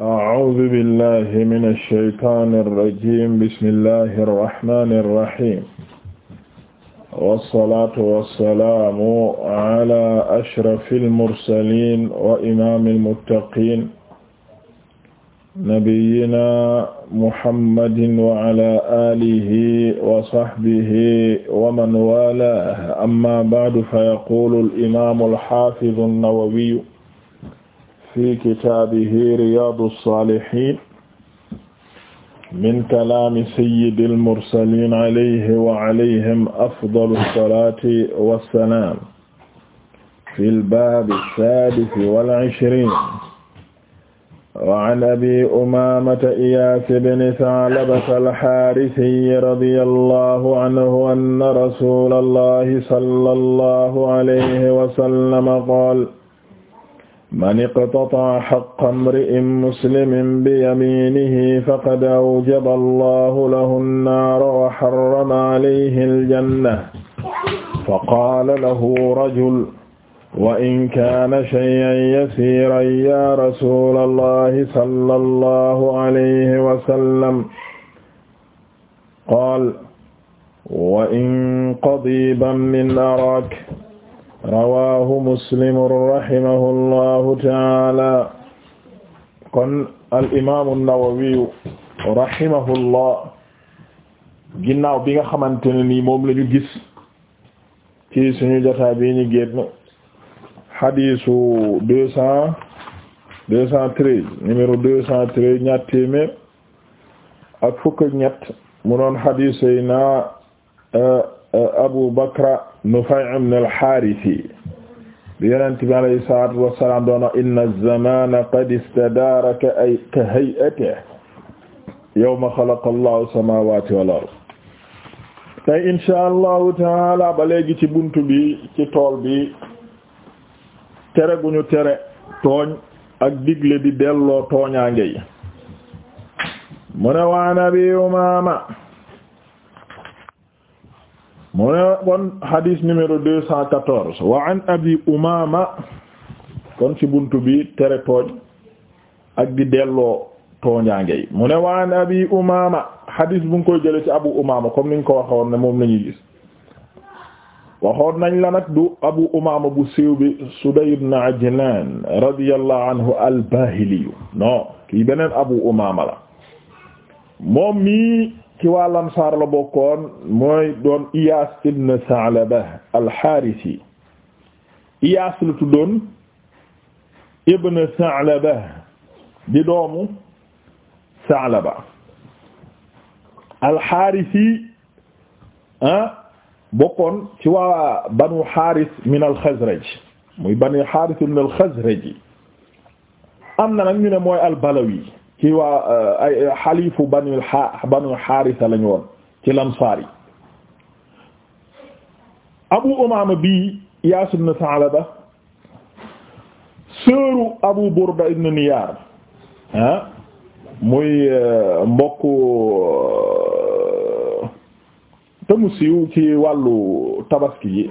أعوذ بالله من الشيطان الرجيم بسم الله الرحمن الرحيم والصلاة والسلام على أشرف المرسلين وإمام المتقين نبينا محمد وعلى آله وصحبه ومن والاه أما بعد فيقول الإمام الحافظ النووي fi kitaabihi riyaadu saalihiin min kalaami sayyidil mursaliin alayhi wa alayhim afdalu salaati wa salaam fil baabi saadisi wal ishriin wa an abii umaamata iyaas ibni sa'labata al-haarisiyyi radiyallaahu anhu anna rasuulallaahi sallallahu alayhi wa sallam qaala man iqtata'a haqqa imri'in muslimin biyaminihi faqad awjaba allahu lahu an-naara wa harrama alayhi al-janna fa qaala lahu rajul wa in kaana shay'an yasiiran ya rasuula allahi sallallahu alayhi wa sallam qaala wa in qadiban min araak rawaahu muslim rahimahullahu taala kon al imaamu nawawiyu rahimahullah ginnaaw bi nga xamante ne nii moom la ñu gis ci suñu jotaay bi ñu génn xadiisu deux cent deux cent ak fukk ak ñett mu doon xadiis Seydina euh, euh, Abu Bakra Nufay' ibn al-Haarisi bi Yonent bi alayhi salaatu wa salaam qad istadaara ka ay ka hay'atihi yawma xalaqa Allahu as-samaawaati ba léegi ci bunt bi ci tool bi tere gu ñu tere tooñ di delloo tooñaange yi mu ne waan Abi mu ne kon hadith numéro deux wa an abi umama kon ci buntu bi tere tooñ ak di delloo tooñaange yi mu ne wa an abi umama hadith bu ngi koy jële ci abu umama comme niñ ko waxoon ne moom lañuy gis waxoon nañ la nag du abu umama bu siiw bi suday ibn ajlan radiyallahu anhu al bahiliyu non kii beneen abu umama la moom mi ci wàll ansaar la bokkoon mooy doon Iyaas ibn Sa'laba al-Haarisi Iyaas la tuddoon ibn Sa'laba di doomu Sa'laba al-Haarisi ah bokkoon ci waa Banu Haaris min al-Xazraj muy Banu Haaris min al-Xazraj am na nag ñu ne mooy al-Balawi ci waa eh, ay eh, xalifu banu banu xaarisa lañu woon ci lansaar yi abu umaama bii yaas ibn Sa'laba sëru abu burda ibn niyaar ah muy eh, mbokk te mu ci wàllu tabaski yi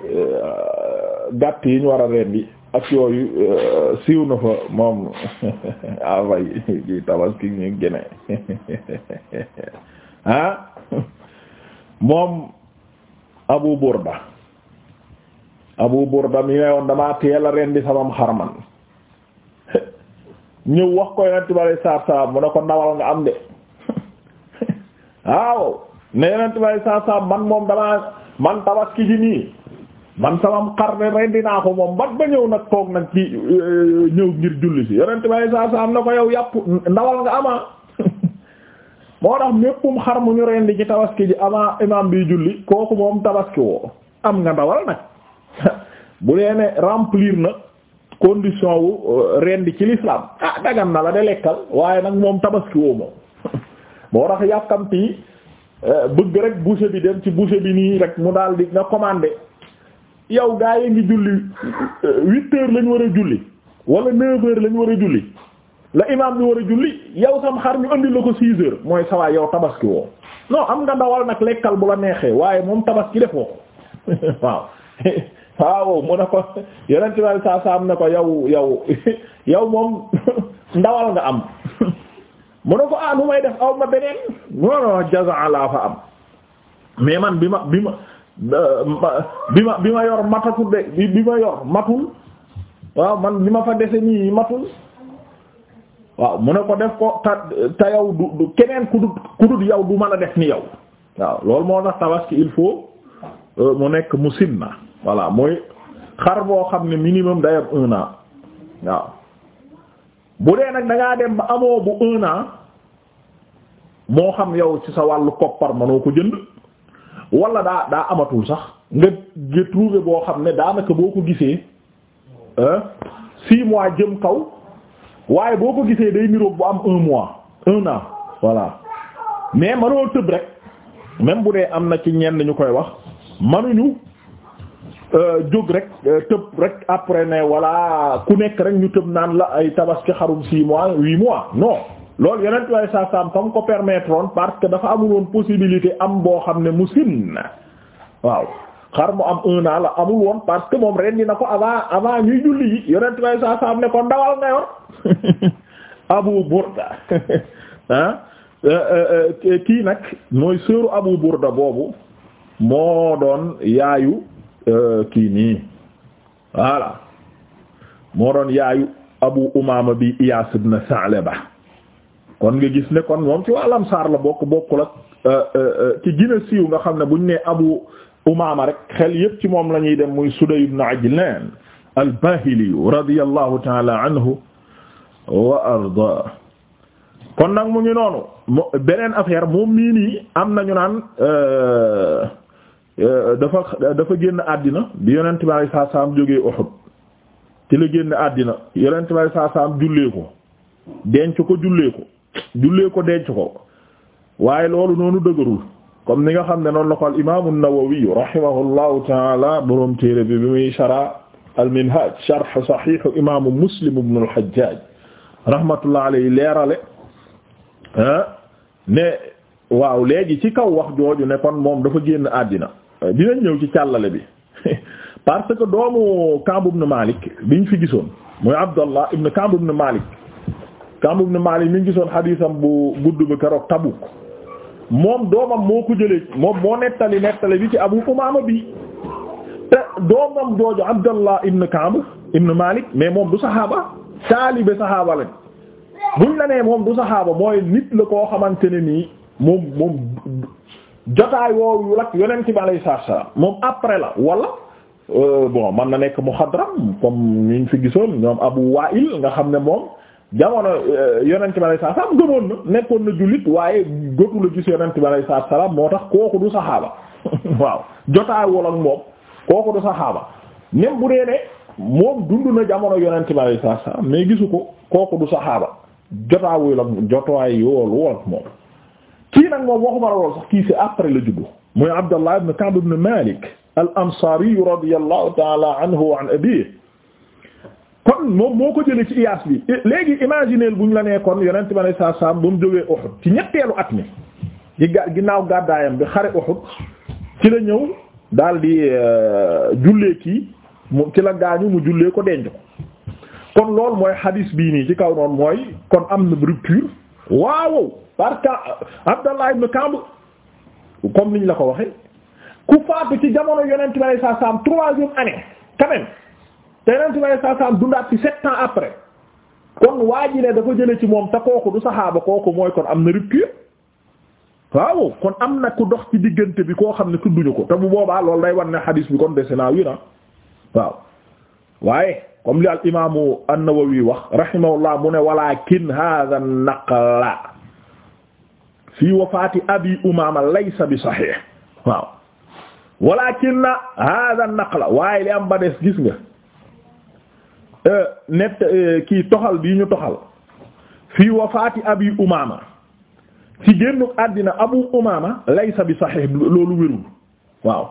gàtt yi ñu war a bi ak yooyu euh, siiw na fa moom avay ah, ji tabaski ñu gene ah moom Abu Burda Abu Burda mi ne woon damaa teel a rendi samam xarman ñëw wax ko yonent bi alay saab saab mu ne ko ndawal nga am de waaw ne yonent bi saab saab man moom damaa man tabaski ci nii man samam xar ne rendi naa ko moom bat ba ñëw nag toog nag ci euh, ñëw ngir julli si yonent bay saa saa am na ko yow yàpp ndawal nga amaa moo tax méppum xar mu ñu rendi ci tabaski ji amaa imaam bi julli kooku moom tabaski woo am nga ndawal nag bu dee ne remplir na condition wu euh, rendi ci l'islam ah dagan na la de lekkal waaye nag moom tabaski woo moom moo tax yàkkamti euh, bëgg rek boucher bi dem ci boucher bi nii rek mu daal di nga commandé yow gaa yi ngi julli euh, huit heures lañ war a julli wala neuf heures lañ war a julli la imaam bi war a julli yow sam xar ñu andi la ko six heures mooy sawaay yow tabaski woo non am nga ndawal nag lekkal bu la neexee waaye moom tabaski defoo ko waaw waaw mu ne ko yeneen ci saa saa am na ko yow yow yow moom ndawal nga am mu ne ko ah nu may def aw ma beneen non non jaza la am mais man bi ma bi ma. Euh, bi ma bi ma yor matatul bi ma yor matul waaw man li ma fa dese nii matul waaw mu ne ko def ko ta ta yow du keneen ku dut ku yow du mën a def ni yow waaw loolu moo tax tabaski il faut euh, mu nekk musinna voilà mooy xar boo xam ne minimum day am un an waaw bu dee nag da dem ba amoo bu un moo xam yow ci sa wàllu koppar mënoo ko jënd. wala daa daa amatul sax nga nga trouvé boo xam ne daanaka boo ko gisee six mois jëm kaw waaye boo ko gisee day niroog bu am un mois un an voilà mais mënoo tëb rek même bu dee am na ci ñenn ñu koy wax mënuñu euh, jóg rek euh, tëb rek après ne voilà ku nekk rek ñu tëb naan la ay tabaski xarum six mois huit mois non. loolu yeneen tuwaay saa saam fa nga ko permettre parce que dafa amul woon possibilité am boo xam ne mu sin waaw xar mu am un an la amul woon parce que moom rendi na ko avant avant ñuy julli yi yeneen tuwaay saa saam ne ko ndawal nga yor Abu Burda ah euh, euh, euh, kii nag mooy sëru Abu Burda boobu moo doon yaayu kii nii voilà moo doon yaayu Abu Umaama bi Iyaas ibn Sa'laba kon nga gis ne kon moom ci waa lamsaar la bokk bokkul la euh, euh, euh, ci gën a siiw nga xam ne buñ nee abu umaama rek xel yépp ci moom lañuy ñuy dem muy suday ibn ajlan al-bahili radiyallahu taala anhu wa arda kon nag mu ngi noonu beneen affaire moom mii nii am nañu naan dafa dafa génn àddina bi yonent bi alayhi salaam jógee ci la génn àddina yonent bi alayhi salaam jullee ko denc ko jullee ko jullee ko denc ko waaye loolu noonu dëgërul comme ni nga xam ne noonu la ko al imaam an-Nawawi rahimahullahu taala boroom tere bi bi muy shara al-Minhaj sharh sahih imaamu Muslim ibn al-Hajjaj rahmatullah alayhi leerale ah, ne waaw léegi ci kaw wax jooju ne kon moom dafa génn àddina dinañ ñëw ci càllale bi parce que doomu Ka'b ibn Malik biñ fi gisoon mooy Abdallah ibn Ka'b ibn Malik Kaab ibn Maalik mi ngi gisoon xadiisam bu gudd bi keroog Tabuk moom doomam moo ko jëlee moom moo nettali nettali bi ci Abu Umaama bi te doomam jooju Abdallah ibn Kaab ibn Maalik mais moom du saxaaba taalibe saxaaba lañ buñ la nee moom du saxaaba mooy nit la koo xamante ne nii moom moom jotaay woowu lak yonent bi alayhi salaam moom après la wala euh, bon man na nekk mu muxadram comme ñu fi gisoon ñoom Abu Waa'il nga xam ne moom. jamono euh, yonent bi alayhi salaam gëmoon na nekkoon na jullit waaye jotu la gis yonent bi alayhi salaam moo tax kooku du saxaaba waaw jotaawul ak moom kooku du saxaaba même bu dee ne moom dund na jamono yonent bi alayhi salaam mais gisu ko kooku du saxaaba jotaawul ak jotaay yoolu ak moom. kii nag moom waxuma la lool sax kii c'est après la juddu muy Abdallah ibn Ka'b ibn Malik al-Ansari radiyallahu ta'ala anhu wa kon moom moo ko jëlee ci iyaas bi léegi imagineel bu ñu la nee kon yonent bi saa saam ba mu jógee Uhud ci ñetteelu at mi gi ginnaaw gàddaayam bi xare Uhud ci la ñëw daal di euh, jullee kii mu ci la gaañu mu jullee ko denc ko kon loolu mooy hadis bii nii ci kaw noonu mooy kon am na rupture waaw parce que Abdallah ibn Kamb comme niñ la ko waxe ku faatu ci jamono yonent bi saa saam troisième année quand même te yonent bi alayhi salaam ci sept ans après kon waa ji dafa jële ci moom te kooku du saxaaba ko mooy kon am na rupture waaw kon am na ku dox ci diggante bi koo xam ne tudduñu ko te mu boobaa loolu day wan ne xadiis bi kon dese naa wi na ah. waaw waaye comme li al imaamu an-Nawawi wax rahimahullah mu ne walakin hadha an-naqla fi wafaati abi umaama laysa bi saxiix waaw walakin hadha naqla waaye li am ba des gis nga Euh, net euh, kii toxal bii ñu toxal fii wafaati abi umaama ci génnu àddina abu umaama laysa bi saxiix loolu wérul waaw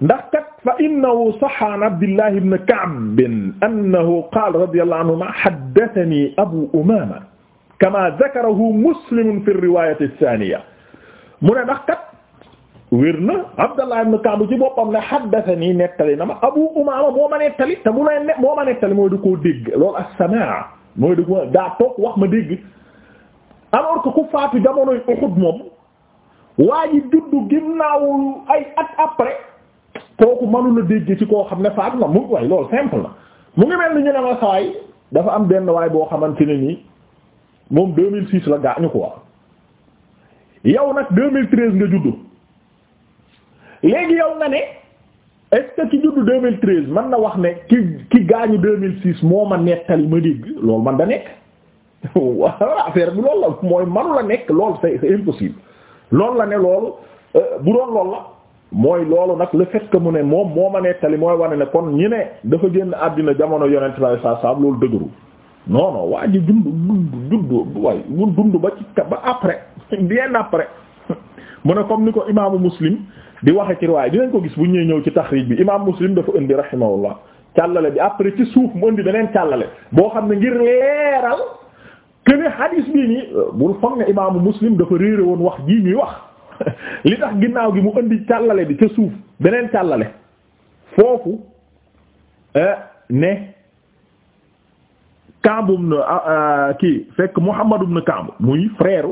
ndax kat fa innahu saxa an abdillah ibn ka'b annahu qaala radiyallahu anhuma haddathani abu umaama kama dhakarahu muslim fi riwaayati saaniya mu ne ndax kat wér na Abdallah ibn Ka'b ci boppam ne nii nettali na ma Abu Umaama moo ma nettali te bu ne moo ma nettali mooy da koo dégg loolu as-samaa mooy da ko daa toog wax ma dégg alors ko ku faatu jamono Uhud moom waa ji juddu ginnaawu la dégg ci koo xam ne faatu na loolu simple na mu ngi mel ni ñu ne ma sawaay dafa am benn waay boo xamante ne nii moom 2006 la gaañu ko wax yow nag 2013 nga juddu. léegi yow nga ne est-ce que ki juddu 2013 man na wax ne ki ki gaañu 2006 moo ma nettali ma dégg loolu man da nekk waaw affaire bi loolu la mooy manu la nekk loolu c'est impossible loolu la ne loolu euh, bu doon loolu la mooy loolu nag la fait que mu ne moom moo ma nettali mooy wane ne kon ñi ne dafa génn àddina jamono yonent bi saa saa loolu dëgëru non non waa ji dund dund dund waaye mu dund ba ci ba après bien après mu ne comme ni ko imaamu muslim. di waxe ci riwaay dinañ ko gis bu ñuy ñëw ci taxriij bi imaam muslim dafa indi rahimahullah càllale bi après ci suuf mu indi beneen càllale boo xam ne ngir leeral que ne hadis bii nii bul foog ne imaamu muslim dafa réere woon wax jii ñuy wax li tax ginnaaw gi mu indi càllale bi ca suuf beneen càllale foofu eh, ne Kaab ibn ah, ah, kii fekk Muhammad na Kaab muy frère.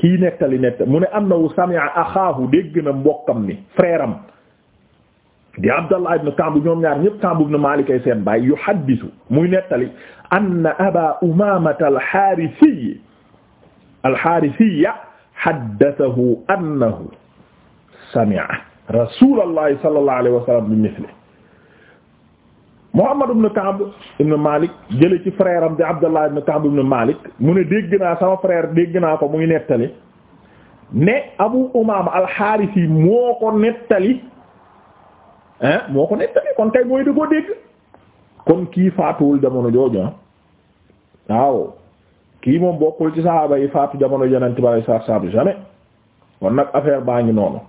kii nettali nett mu ne annahu sami'a axaahu dégg na mbokkam ni frère am di Abdallah ibn Ka'b ñoom ñaar ñëpp Ka'b ibn Malik ay seen baay yuhaddisu muy nettali anna aba Umaamata al-Haarisiy al-Haarisiya haddathahu annahu sami'a rasuulallahi sallallahu alayhi wa sallam bi mislihi Muhammad ibn Ka'b ibn Malik jële ci frère am di Abdallah ibn Ka'b ibn Malik mu ne dégg naa sama frère dégg naa ko muy nettali ne Abu Umaama al-Haarisi moo ko nettali hein moo ko nettali kon kay mooy da dégg kon kii faatuwul jamono jooju waaw kii moom bokkul ci saxaaba yi faatu jamono yonent bi sallallahu alayhi wasallam jamais kon nag affaire baa ngi noonu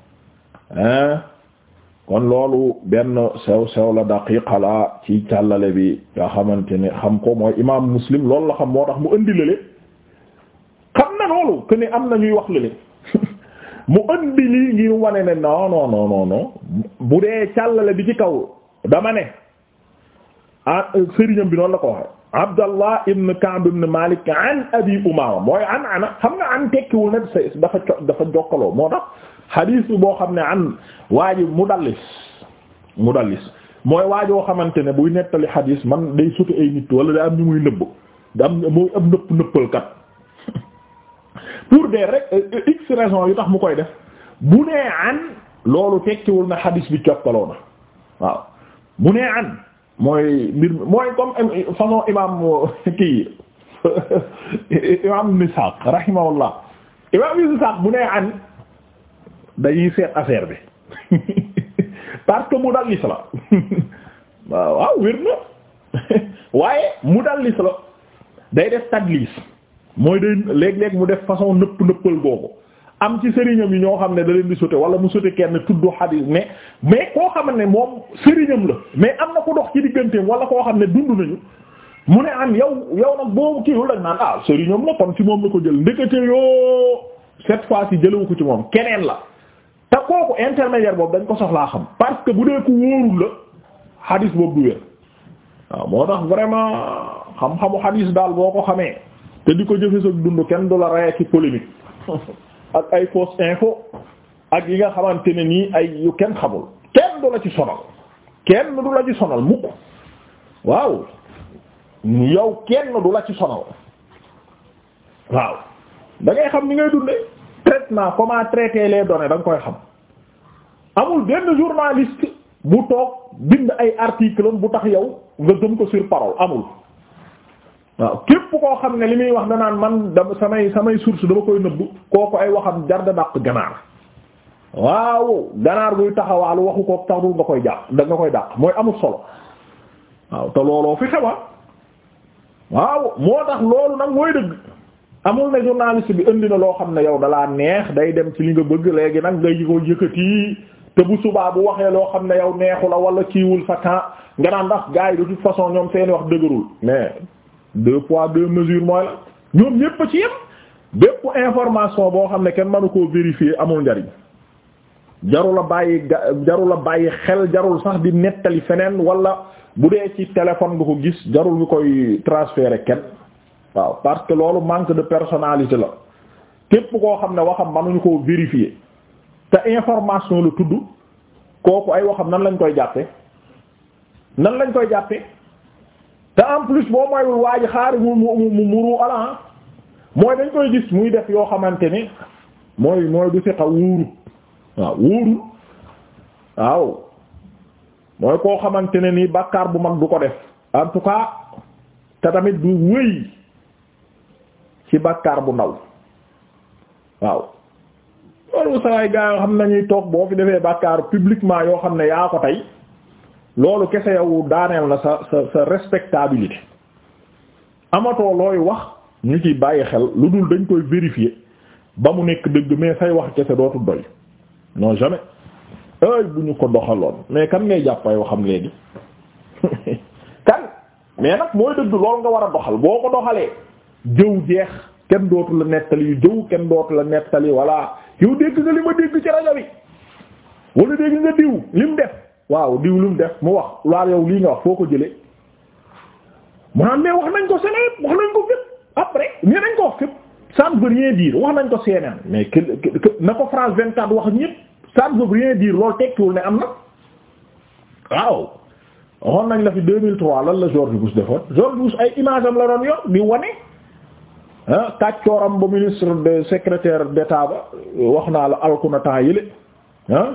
hein kon loolu benn sew sew la daqiqa la ci càllale bi nga xamante ne xam ko mooy imam muslim loolu la xam moo tax mu indi lële xam na loolu que am na ñuy wax lële mu indi lii ngir wane ne non non bu dee càllale bi ci kaw dama ne ah, euh, sëriñam bi noonu la ko waxe abdallah xam nga an tekkiwul ne dafa jokkaloo moo tax xadiis boo xam ne an waa ji mudallis mudallis mooy waajoo xamante ne buy nettali xadiis man day suti ay nit wala day am ñu muy nëbb da am am nëpp nëppalkat pour des rek euh, x raison yu tax mu koy def bu nee an loolu tekkiwul na xadiis bi coppaloo na waaw bu nee an mooy mbir mooy comme euh, euh, façon imam kii imam Nisaaq rahimahullah imam Nisaaq bu nee an dañuy seet affaire bi parce que mudallis la waaw waaw wér na waaye mu mudallis la day def tadlis mooy de léeg-léeg mu def façon nëpp nëppal googu am ci sëriñam yi ñoo xam ne da di sote wala mu sote kenn tudd xadis mais mais koo xam ne moom sëriñam la mais am na ko dox ci digganteem wala koo xam ne dund nañu mu ne am yow yow nag boobu kii lañ naan ah sëriñam la kon ci moom la ko jël ndekete yoo cette fois ci jëlewu ko ci moom keneen la te kooku intermédiaire boobu dañ ko soxlaa xam parce que bu dee ku wóorul la xadis boobu du wér waaw moo tax vraiment xam-xamu xadis daal boo ko xamee te di ko jëfe sa dund kenn du la raya ci ay fausse yi nga xamante ne nii ay kenn xamul kenn ci sonal kenn la ci sonal mukk waaw yow kenn du la ci sonal waaw da xam ni ngay dunde traitement comment traité les données danga koy xam amul benn journaliste bu toog bind ay article am bu tax yow nga gëm ko sur amul waaw képp koo xam ne li muy wax naan man dama samay samay source dama koy nëbb kooku ay waxam jar da dàq ganaar waaw ganaar buy taxawaalu waxu ko taxul nga koy jàpp da nga koy dàq mooy amul solo waaw te looloo fi xewa ah. waaw moo tax loolu nag mooy dëgg amul ne journaliste bi indi na loo xam ne yow dalaa neex day dem ci li nga bëgg léegi nag ngay ko yëkkati te bu subaa bu waxee loo xam ne yow neexu la wala kiiwul sa temps nga naan ndax gars yi de toute façon ñoom seeni wax dëgërul mais deux poids deux mesures mooy la ñoom ñépp ci yem bépp information boo xam ne kenn mënu koo vérifier amul njariñ jarul la bàyyi jarul a bàyyi xel jarul sax di nettali feneen wala bu dee ci téléphone nga ko gis jarul nga koy transférer kenn. waaw parce que loolu manque de personnalité la képp koo xam ne waxam mënuñu koo vérifier te information lu tudd kooku ay waxam nan lañ koy jàppe nan lañ koy jàppe te en plus boo moywul waa ji xaari mu mu mu muru ala ah. mooy dañ koy gis muy def yoo xamante ni mooy mooy du fiqa wóoru waaw wóoru waaw mooy koo xamante ne nii bàkkaar bu mag du ko def en tout te tamit du wéy ci bàkkaar bu ndaw waaw loolu sawaay gaa yoo xam nañuy toog boo fi defee bàkkaar publiquement yoo xam ne yaa ko tey loolu kese yow daaneel na sa sa sa amatoo looy wax ñu ci bàyyi xel lu dul dañ koy vérifier ba mu nekk dëgg mais say wax kese dootul doy non jamais ay bu ñu ko doxaloon mais kan ngay jàppay waxam léegi kan mais nag mooy dëgg loolu nga war a doxal boo ko doxalee jëw jeex kenn dootu la nettali yu jëw kenn dootu la nettali voilà yow dégg nga li ma dégg ci rajo bi wala dégg nga diw li mu def waaw diw li mu def mu wax laal yow lii nga wax foo ko jëlee mu naan mais wax nañ ko sénéer wax nañ ko fépp après nee nañ wax rien dire wax nañ ko CNN mais que na ko France 24 wax ñëpp ça ne veut rien dire loolu tekkiwul ne am na waaw waxoon nañ la fi 2003 lan la George Bush defoon George Bush ay image am la Ah kàccooram ba ministre de secrétaire d'état ba wax naa la alkuna temps yële ah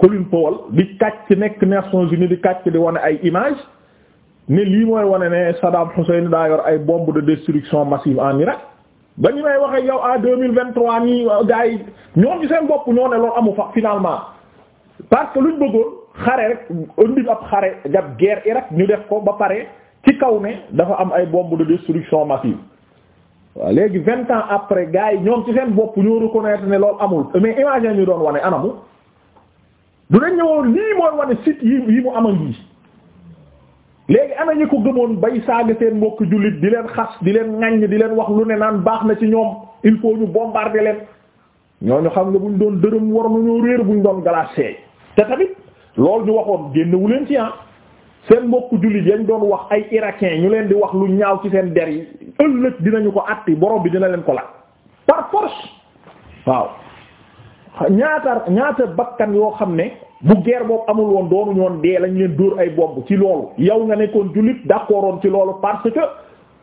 Colin Powell di kàcc nekk Nations Unies di kàcc di wane ay image ni lii mooy wane ne Saddam Hussein daa yor ay bombe de destruction massive en Irak ba ñu may waxee yow à deux mille vingt trois nii gars yi ñoom ci seen bopp ñoo ne loolu amu fa finalement parce que luñ bëggoon xare rek indi ab xare jab guerre ñu def ko ba pare ci kaw ne dafa am ay bombe de destruction massive waaw léegi vingt ans après gars yi ñoom ci seen bopp ñoo reconnaître ne loolu amul mais imagine ñu doon wane anamu du dañ ñëwoon lii mooy wane site yi yi mu ama ngii léegi ana ñi ko gëmoon bay saaga seen mbokk jullit di leen xas di leen ŋaññ di leen wax lu ne naan baax na ci ñoom il faut ñu bombarder leen ñoo ñooñu xam nga buñ doon dërëm war nañoo réer buñ doon glace te tamit loolu ñu waxoon génnewu leen ci ah seen mbokku jullit yañ doon wax ay irakien ñu leen di wax lu ñaaw ci seen der yi ëllëg dinañu ko atti borom bi dina leen ko laaj par force waaw ñaata ñaata bakkan yoo xam ne bu geer boobu amul woon doonuñu woon dee lañ leen dóor ay bomb ci loolu yow nga nekkoon jullit d'accordoon ci loolu parce que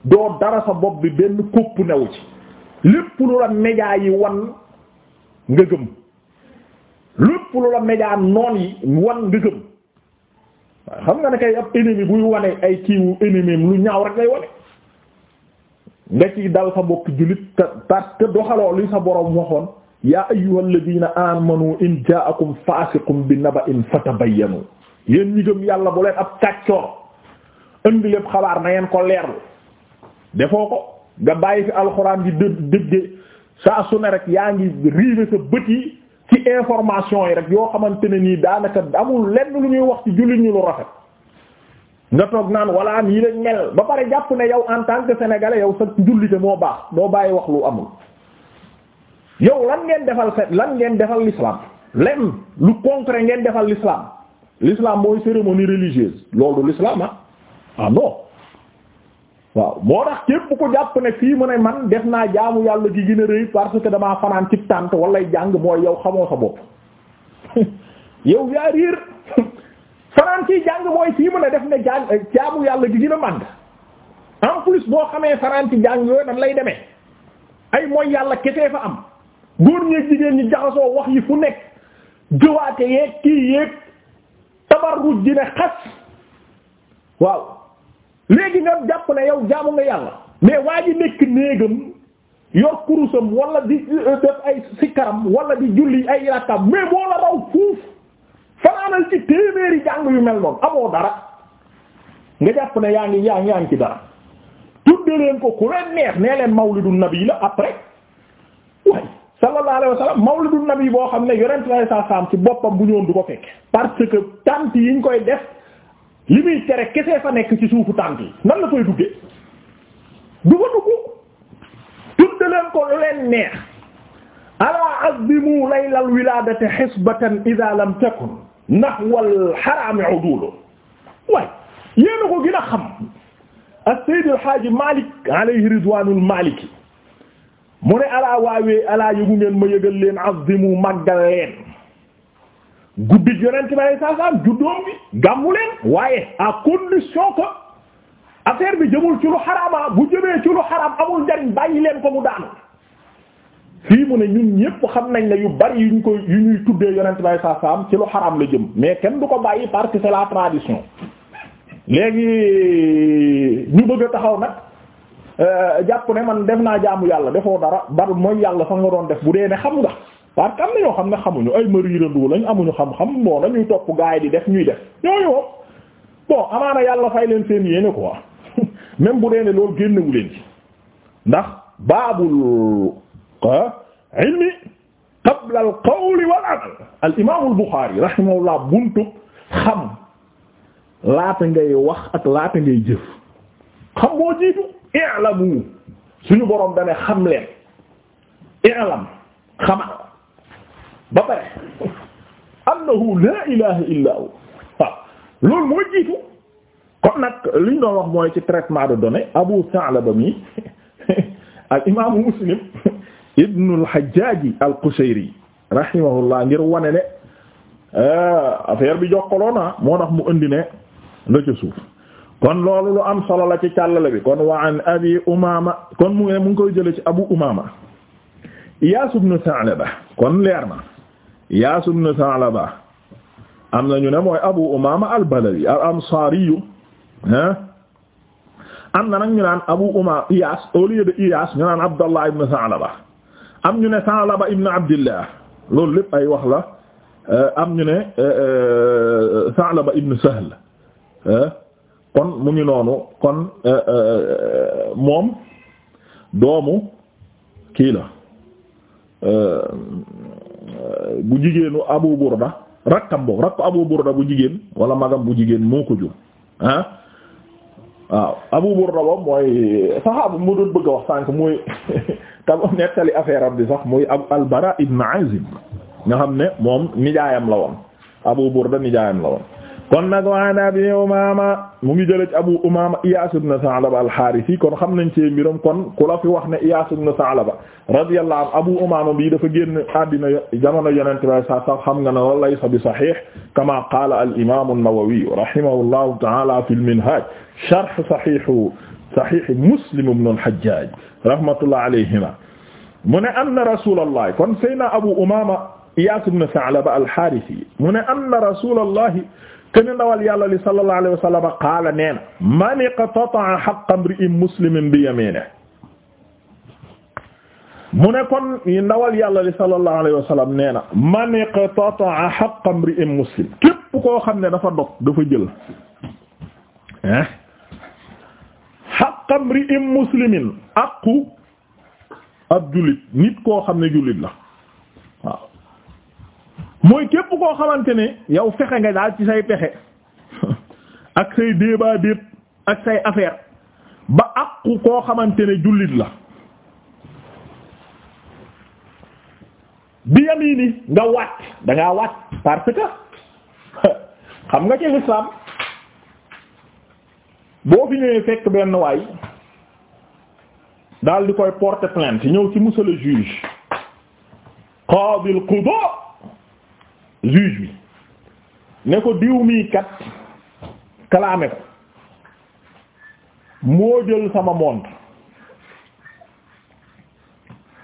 doo dara sa bopp bi benn kopp newu ci lépp lu la média yi wan nga gëm lépp lu la média noon yi wan nga xam nga ne kay ab ennemi buy wane ay kiiwu ennemi lu ñaaw rek lay wane nga ci dal sa bokk jullit te parce que doxaloo li sa boroom waxoon yaa ayyuhal ladina amanu in ja'akum fasiqun bi naba'in fatabayyanu yéen ñi gëm yàlla bu leen ab kàccoor indi lépp xabaar na ngeen ko leerlu defoo ko nga bàyyi fi alxuraan di dë dëgge saa su ne rek yaa ngi riive sa bët yi ci information yi rek yoo xamante ne nii daanaka amul lenn lu ñuy wax ci jullit ñu lu rafet nga toog naan walla nii lañ mel ba pare jàpp ne yow en tant que sénégalais yow sa njullite moo baax moo bàyyi wax lu amul yow lan ngeen defal set lan ngeen defal l'islam lenn lu concret ngeen defal l'islam l'islam mooy cérémonie religieuse loolu l'islam ah ah waaw moo tax képp ko jàpp ne fii mu ne man def naa jaamu yàlla gi gën a rëy parce que damaa fanaan ci tànt walay jàng mooy yow xamoo sa bopp yow yaa riir fanaan ciy jàng mooy fii mu ne def ne eh, jaamu yàlla gi gën mànd en plus boo xamee fanaan ci jàng yooyu nan lay demee ay mooy yàlla kesee fa am góor ñeeg jigéen ñi jaxasoo wax yi fu nekk jëwaate yeeg kii yeeg tabarruj ji ne xas waaw léegi nga jàpp na yow jaamu nga yàlla mais waa ji nekk néegam yor kurusam wala di euh, euh, def ay sikaram wala di julli ay rakkam mais boo la raw fuuf fanaanal ci téeméeri jàng yu mel noonu amoo dara nga jàpp ne yaa ngi yaa ngi yaa ngi ci dara tudde leen ko ku leen neex nee leen mawlidu nabi la après waay sallallahu alayhi wa sallam mawlidu nabi boo xam ne yonent sallallahu alayhi wa sallam ci boppam bu ñëwoon du ko fekk parce que tant yiñ koy def li muy tere kese fa nekk ci suufu tànk yi nan la koy duggee du fa dugg tudde leen ko leen neex alaa azimu laylal wilaadati xisbatan idaa lam takun nahwal xaraami udulu waaye yéena ko gën a xam as-sayyid al-haaji Maalik alayhi ridwaanul maaliki mu ne alaa waawee alaa yëgu ngeen ma yëgal leen azimu màggal leen guddi yonent bi ay saasaam juddoom bi gàmmu leen waaye à condition que affaire bi jëmul ci lu xaraama bu jëmee ci lu xaraam amul njariñ bàyyi leen ko mu daanu fii mu ne ñun ñépp xam nañ la yu bari yuñ ko yu ñuy tuddee yonent bi ay saasaam ci lu xaram la jëm mais kenn du ko bàyyi parce que la tradition léegi ñu bëgg a taxaw nag euh, jàpp ne man def naa jaamu yàlla defoo dara bar mooy yàlla fa nga doon def bu dee ne xam na parce que am na ñoo xam ne xamuñu ay mariiranduu lañ amuñu xam-xam bon dañuy topp gaay di def ñuy def ñooñu moom bon amaana yàlla fay leen seen yéene quoi même bu dee ne loolu génnewu leen ci ndax baabul ah, ilmi qabla al qawli wal amal al imaam al Buxaari rahimahullah buntu xam laata ngay wax ak laata ngay jëf xam boo jiitu i'lamu suñu borom dane xam leen i'lam xamal ba pare annahu la ilaha illa hu loolu mooy jiitu kon nag liñ doon wax mooy ci traitement de données Abu Sa'laba mi al imaamu Muslim ibnu al-Hajjaj al ngir wane ne ah, affaire bi jokkaloona moo tax mu indi ne la ca suuf kon loolu lu am solo la ci càllale bi kon wa an abi umama kon mu ne mu ngi koy jële ci abu umama Iyaas ibn Sa'laba kon leer na Yaas ibn Sa'laba am na ñu ne mooy Abu Umaama al-Balawi al-Ansaariyu ah am na nag ñu naan Abu Umaama Iyaas au Iyaas ñu naan Abdallah ibn Sa'laba am ñu ne Sa'laba ibn Abdillah loolu lépp ay wax la euh, am ñu ne euh, euh, Sa'laba ibn Sahl kon mu ngi noonu kon moom doomu kii la. bu jigéenu Abu Burda rakkam boobu rakk Abu Burda bu jigéen wala magam bu jigéen moo ko jur ah waaw Abu Burda boobu mooy saxaaba mu doon bëgg a wax sànq muy tam nettali affaire am bi sax muy al-Bara ibn Azib nga xam ne moom nijaayam la woon Abu Burda nijaayam la woon kon nag waan abi umaama mu ngi jële ci abu umaama iyaas ibn sa'laba alxaarisi kon xam nañ ci mbiram kon ku la fi wax ne iyaas ibn sa'laba radiyallahu anhu abu umaama bii dafa génn àddina jamono yonent bi sa sax xam nga ne loolu laysa bi saxiix kama qaala al imaamu an-nawawi rahimahullahu ta'ala fil minhaaj sharh saxiix saxiix muslim ibn al-hajjaaj rahmatullahi alayhima mu ne anna rasulallah kon sayna abu umaama iyaas ibn sa'laba alxaarisi mu ne anna rasulallah kene ndawal yàlla li sallallahu alayhi wa sallam qaala nee na man iqtata'a haqqa imri'in muslimin bi yaminihi mu ne kon ndawal yàlla li sallallahu alayhi wa sallam nee na man iqtata'a haqqa imri'in muslim képp koo xam ne dafa dog dafa jël ah haqqa imri'in muslimin aqu ab jullit nit koo xam ne jullit la waaw mooy képp koo xamante ne yow fexe nga daal ci say pexe ak say déebaa déeb ak say affaire ba àqu koo xamante ne jullit la bi yamini nga waat dangaa waat parce xam nga ci l'islam boo fi ñëwee fekk benn waay daal di koy porter plainte ñëw ci monsieur juge qadil qudaa juge bi ne ko diw mii kat kalaame ko moo jël sama montre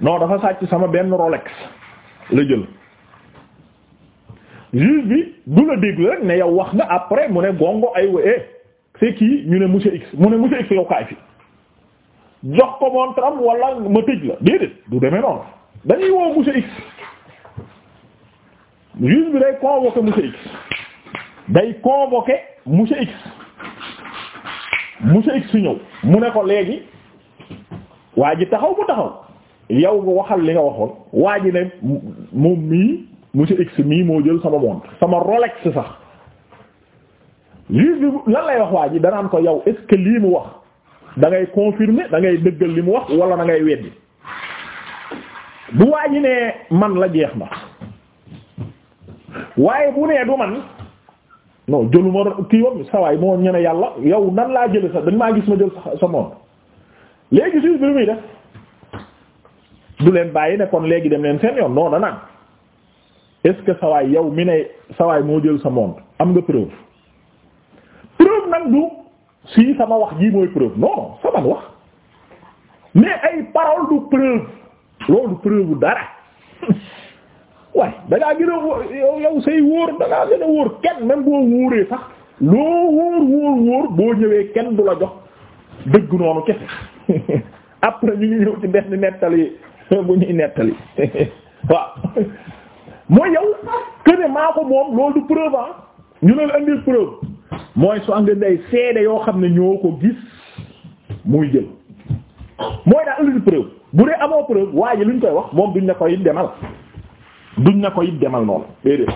non dafa sàcc sama benn Rolex la jël juge bi du la déglu rek ne yow wax nga après mu ne gongo ay wa eh ñu ne monsieur X mu ne monsieur X yow kaay fi jox ko montre am ma tëj la déedéet du demee noonu dañuy woo monsieur X juge bi day convoquer monsieur X day convoquer monsieur X monsieur X su ñëw mu ne ko léegi waa ji taxaw bu taxaw yow nga waxal li nga waxoon waa ji ne moom mii monsieur X mii moo jël sama montre sama Rolex sax juge bi lan lay wax waa ji danaan ko yow est lii mu wax dangay ngay confirmer da ngay dëggal li mu wax wala dangay ngay weddi bu waa ji ne man la jeex na. waaye bu nee du man non jëluma kii yoon sa waay moo ñene yàlla yow nan laa jële sa dañ maa gis ma jël sa sa léegi suuf bi muy def du leen bàyyi nekkoon léegi dem leen seen yoon non danaan est sawaay yow mi ne sawaay moo jël sa monde am nga preuve preuve nag du si sama wax ji mooy preuve non non sama wax mais ay parole du preuve loolu preuve dara waaye da ngaa a wóor yow say wóor da ngaa wóor kenn même boo wóoree sax loo wóor wóor wóor boo ñëwee kenn du la jox dëgg noonu kese après ñu ngi ñëw ci benn nettali bu ñuy nettali mooy yow que ne maa ko moom ah. ñu ne la indi preuve mooy yoo xam ne ñoo ko gis muy jël mooy daa indi preuve bu dee amoo preuve waaye luñ koy wax moom duñ ne koy demal. duñ na ko it demal noonu déedéet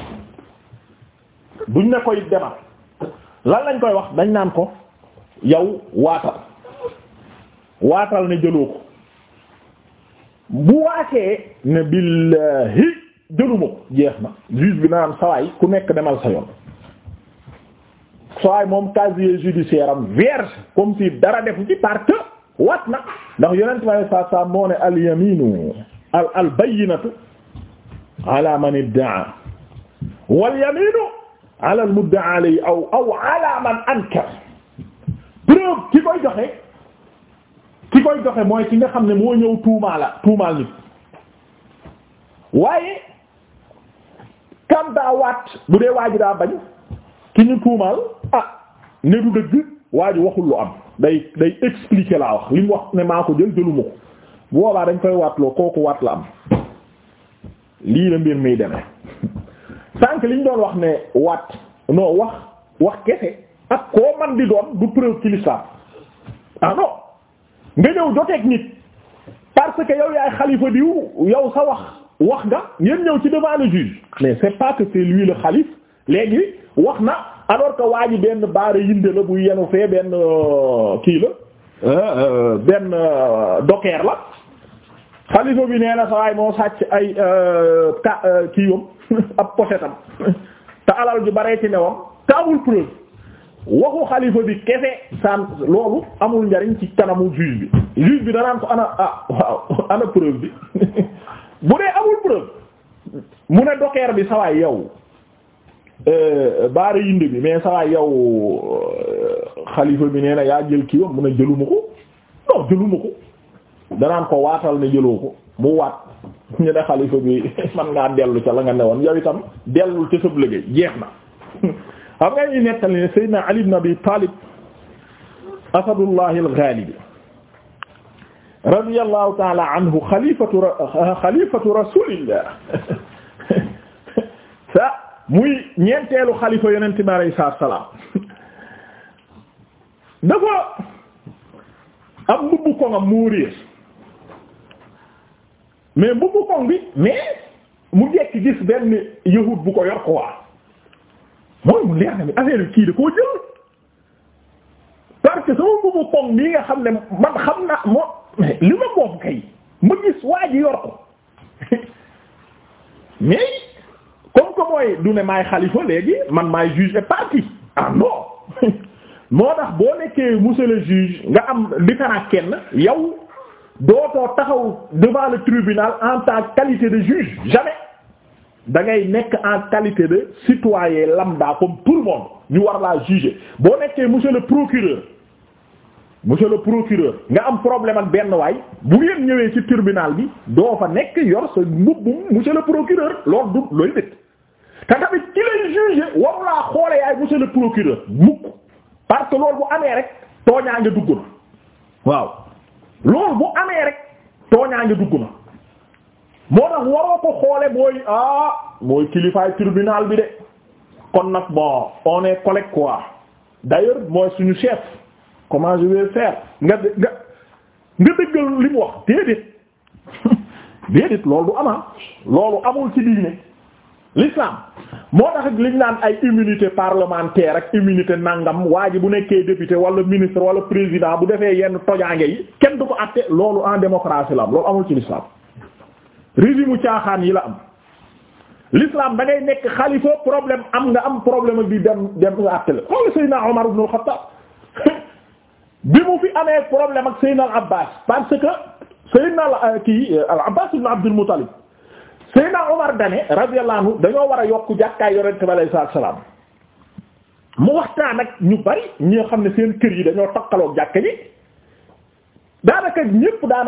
duñ ne ko it demal lan lañ koy wax dañ naan ko yow waatal waatal ne jëloo ko bu waatee ne billahi jëluma ko jeex na juge bi naan sawaay ku nekk demal sa yoon sawaay moom casier judiciaire am vierge comme si dara defu ci parce wat na ndax yonent bi sallallahu saa wasallam moo ne al al al ala man iddaa wal yaminu ala al aw aw ala ankar preuve ki koy joxe ki koy joxe mooy ki nga xam ne moo ñëw tuumaala tuumaal nit waaye kam daa waat bu dee waa ji daa bañ ki ñu tuumaal ah ne du dëgg waa waxul lu am day day expliquer laa wax li mu wax ne maa ko jël jëluma ko boobaa dañ koy waatloo kooku waat la am lii la mbir miy demee sànq liñ doon wax ne waat non wax wax kese ak koo man di doon du preuve ci l'islam ah nga ñëw joteeg nit parce que yow yaay xalifa diw yow sa wax wax nga ngeen ñëw ci devant le juge mais c'est pas que c'est lui le xalif léegi wax na alors que waa ji benn baara yinde la bu yenu fee benn euh, kii la euh, euh, benn dokeer la xalifa bi nee na sa waay moo sàcc ay euh, ka euh, kiiwam ab posetam te alal ju baree ci newam te amul preuve waxu xalifa bi kese san loolu amul njariñ ci kanamu juge bi juge bi danaan ko ana ah waaw ana preuve bi bu dee amul preuve mu ne dokeer bi sa waay yow euh, baara yinde bi mais sa waay yow xalifa bi nee na yaa jël kiiwam mu ne jëluma ko non jëluma ko danaan ko waatal ne jëloo ko mu waat ñu ne xalifa bi man ngaa dellu ca la nga newoon yow itam dellul ca sab liggéey jeex na xam nga ñu nettali ne Seydina Ali ibn Abi Talib asadullahi al-ghalib radiyallahu ta'ala anhu xalifatu xalifatu rasulillah sa muy ñeenteelu xalifa yonente bi alayhi salaam dafa am mbubb ko nga mu riis mais mbubu koŋ bi mais mu jekk gis benn yu bu ko yor ko waa mooy mu leer na mi affaire bi kii da koo jël parce que sama mbubu koŋ bii nga xam ne man xam naa moo li ma moom kay ma gis waa ji yor ko mais comme que mooy du ne maay xalifa léegi man maay juge et partie ah non moo tax boo nekkee monsieur le juge nga am différent kenn yow dootoo taxaw devant le tribunal en tant que qualité de juge jamais da ngay nekk en qualité de citoyen lambda comme tout le monde ñu war laa juger boo nekkee monsieur le procureur monsieur le procureur nga am problème ak benn waay bu ngeen ñëwee ci tribunal bi doo fa nekk yor sa mbubbum monsieur le procureur loolu du loolu dét te tamit ci lay juger waru laa xoole yaay monsieur le procureur mukk parce que loolu bu amee rek tooñaa nga dugg na waaw loolu bu amee rek tooñaa ngi dugg na moo tax waroo ko xoole mooy ah mooy kilifaay tribunal bi de kon nag bon on est collègue quoi d'ailleurs mooy suñu chef comment je vais faire nga nga nga dëggal li wax déedéet déedéet loolu du ama ah. loolu amul ci diine l'islam moo tax liñ naan ay immunité parlementaire ak immunité nangam waa ji bu nekkee député wala ministre wala président bu defee yenn tojaange yi kenn du ko àtte loolu en démocratie la am loolu amul ci l'islam régime u caaxaan yi la am l'islam da ngay nekk xalifa problème am nga am problème ak di dem dem nga àtte la xool Seydina Omar ibn al-Khattab bi mu fi amee problème ak na al-Abbas parce que Seydina euh, kii al-Abbas euh, ibn Abdul Muttalib Seydina Omar dane radiyallahu anhu dañoo war a yokk jàkkaay yonent bi alayhi salaatu salaam mu waxtaan ak ñu bari ñi nga xam ne seen kër yi dañoo takkaloog jàkka ji daanaka ñépp daanaka